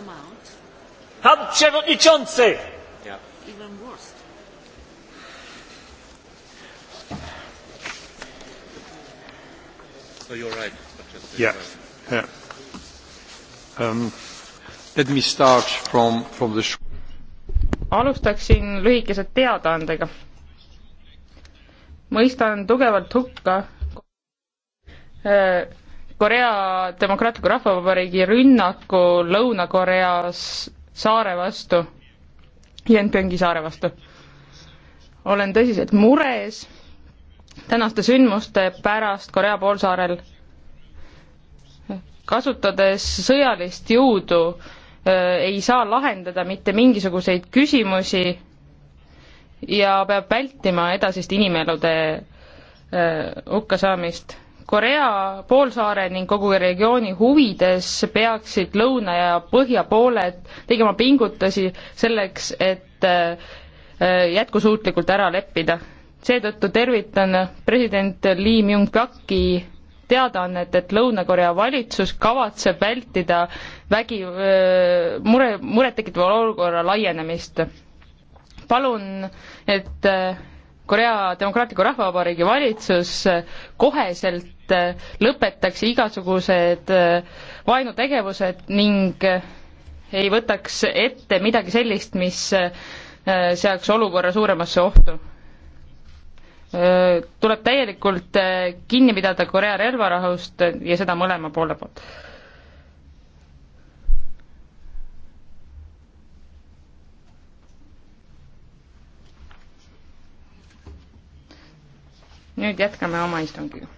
come out. Pan przewodniczący! Yeah. Even worse. So you're right. Yeah. yeah. Um, let me start from, from the alustaksin lühikese teadaandega. mõistan tugevalt hukka äh, Korea Demokraatliku Rahvavabariigi rünnaku Lõuna-Korea saare vastu, Yenpyongi saare vastu. olen tõsiselt mures tänaste sündmuste pärast Korea poolsaarel, kasutades sõjalist jõudu äh, ei saa lahendada mitte mingisuguseid küsimusi ja peab vältima edasist inimelude äh, hukkasaamist Korea poolsaare ning kogu regiooni huvides peaksid lõuna ja põhja pooled tegema pingutusi selleks, et äh, jätkusuutlikult ära leppida. seetõttu tervitan president Lee Myung-Baki teadaannet, et Lõuna-Korea valitsus kavatseb vältida vägi, äh, mure, murettekitava olukorra laienemist. palun, et äh, Korea Demokraatliku Rahvavabariigi valitsus eh, koheselt eh, lõpetaks igasugused eh, vaenutegevused ning ei võtaks ette midagi sellist, mis seaks olukorra suuremasse ohtu. tuleb täielikult kinni pidada Korea relvarahust ja seda mõlema poole poolt nüüd jätkame oma istungiga.